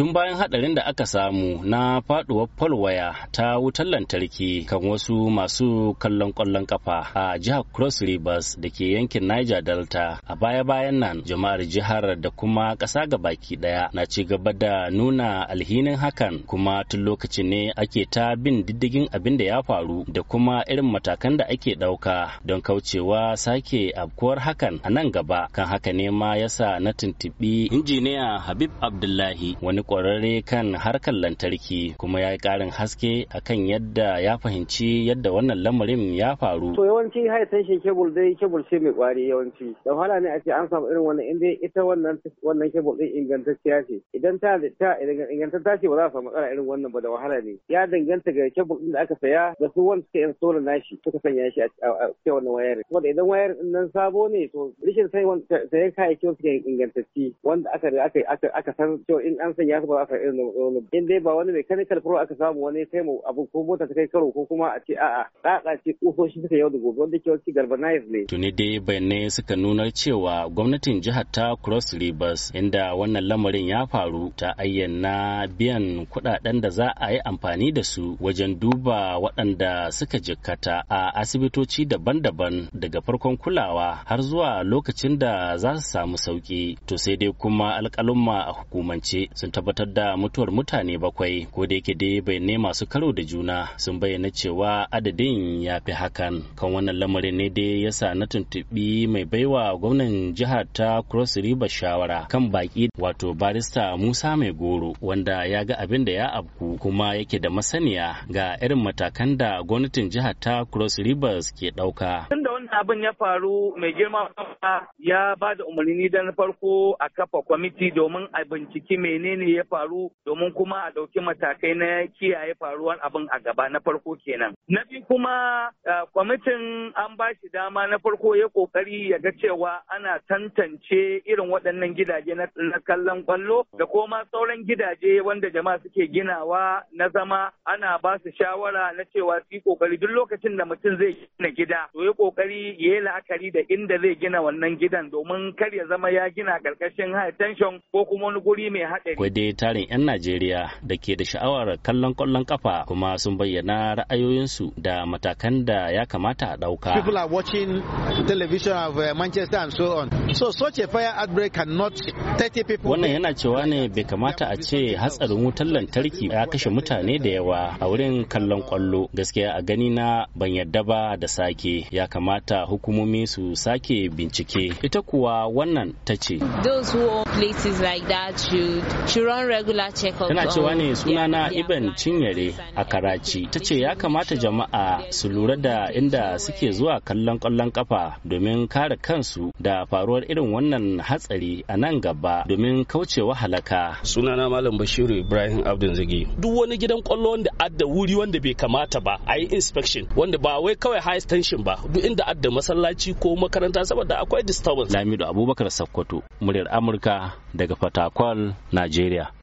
tun bayan hadarin da aka samu na faduwar falwaya ta wutar lantarki kan wasu masu kallon kwallon kafa a jihar cross rivers da ke yankin niger delta a baya-bayan nan jama'ar jihar da kuma ƙasa baki daya na ci gaba da nuna alhinin hakan kuma tun lokacin ne ake ta bin diddigin abin da ya faru da kuma irin matakan da ake ɗauka don kaucewa sake afkuwar hakan a nan gaba kan haka ne ma yasa na tuntuɓi injiniya habib abdullahi wani kwararre kan harkar lantarki kuma ya yi karin haske akan yadda ya fahimci yadda wannan lamarin ya faru. To yawanci high tension cable dai kebul ce mai kwari yawanci. Da wahala ne a ce an samu irin wannan inda ita wannan wannan cable din ingantacciya ce. Idan ta ta ingantacciya ce ba za a samu matsala irin wannan ba da wahala ne. Ya danganta ga kebul din da aka saya da su wanda suka install nashi suka sanya shi a cikin wannan wayarin. Kuma idan wayar nan sabo ne to rishin sai sayan kayayyakin su ingantacci wanda aka aka aka san cewa in an sanya ya ba za irin in dai ba wani mechanical pro aka samu wani sai mu abu ko mota ta kai karo ko kuma a ce a'a tsatsa ce kusoshi suka yau da gobe wanda ke wasu galvanize ne. Tuni dai bayanai suka nuna cewa gwamnatin jihar ta Cross Rivers inda wannan lamarin ya faru ta ayyana biyan kuɗaɗen da za a yi amfani da su wajen duba waɗanda suka jikkata a asibitoci daban-daban daga farkon kulawa har zuwa lokacin da za su samu sauki. To sai dai kuma alƙalumma a hukumance sun tabbatar da mutuwar mutane bakwai ko da yake dai bayanai masu karo da juna sun bayyana cewa adadin ya fi hakan kan wannan lamarin ne dai ya sa na tuntuɓi mai baiwa gwamnan jihar ta cross river shawara kan baki wato barista musa mai goro wanda ya ga abin da ya afku kuma yake da masaniya ga irin matakan da gwamnatin jihar ta cross rivers ke ɗauka. tun abin ya faru mai girma ya ba da umarni don farko a kafa kwamiti domin a binciki menene ya faru domin kuma a ɗauki matakai na kiyaye faruwar abin a gaba na farko kenan. Na biyu kuma kwamitin an ba shi dama na farko ya kokari ya ga cewa ana tantance irin waɗannan gidaje na kallon kwallo da koma sauran gidaje wanda jama'a suke ginawa na zama ana ba su shawara na cewa su yi kokari duk lokacin da mutum zai gina gida to ya kokari ƙoƙari ya yi la'akari da inda zai gina wannan gidan domin kar ya zama ya gina karkashin high tension ko kuma wani guri mai haɗari. Akwai dai tarin 'yan Najeriya da ke da sha'awar kallon kwallon kafa kuma sun bayyana ra'ayoyinsu da matakan da ya kamata a ɗauka. People are watching television of uh, Manchester and so on. So such a fire outbreak cannot 30 people. Wannan yana cewa ne bai kamata a ce hatsarin wutar lantarki ya kashe mutane da yawa a wurin kallon kwallo Gaskiya a gani na ban yadda ba da sake ya kamata kamata hukumomi su sake bincike ita kuwa wannan ta ce tana cewa ne sunana iban cinyere a karaci ta ce ya kamata jama'a su lura da inda suke zuwa kallon kwallon kafa domin kare kansu da faruwar irin wannan hatsari a nan gaba domin kaucewa halaka sunana malam bashiru ibrahim abdul zagi duk wani gidan kwallo wanda adda wuri wanda bai kamata ba a yi inspection wanda ba wai kawai high tension ba duk inda da masallaci ko makaranta saboda akwai disturbance lamido abubakar sakkwato muryar amurka daga fatakwal najeriya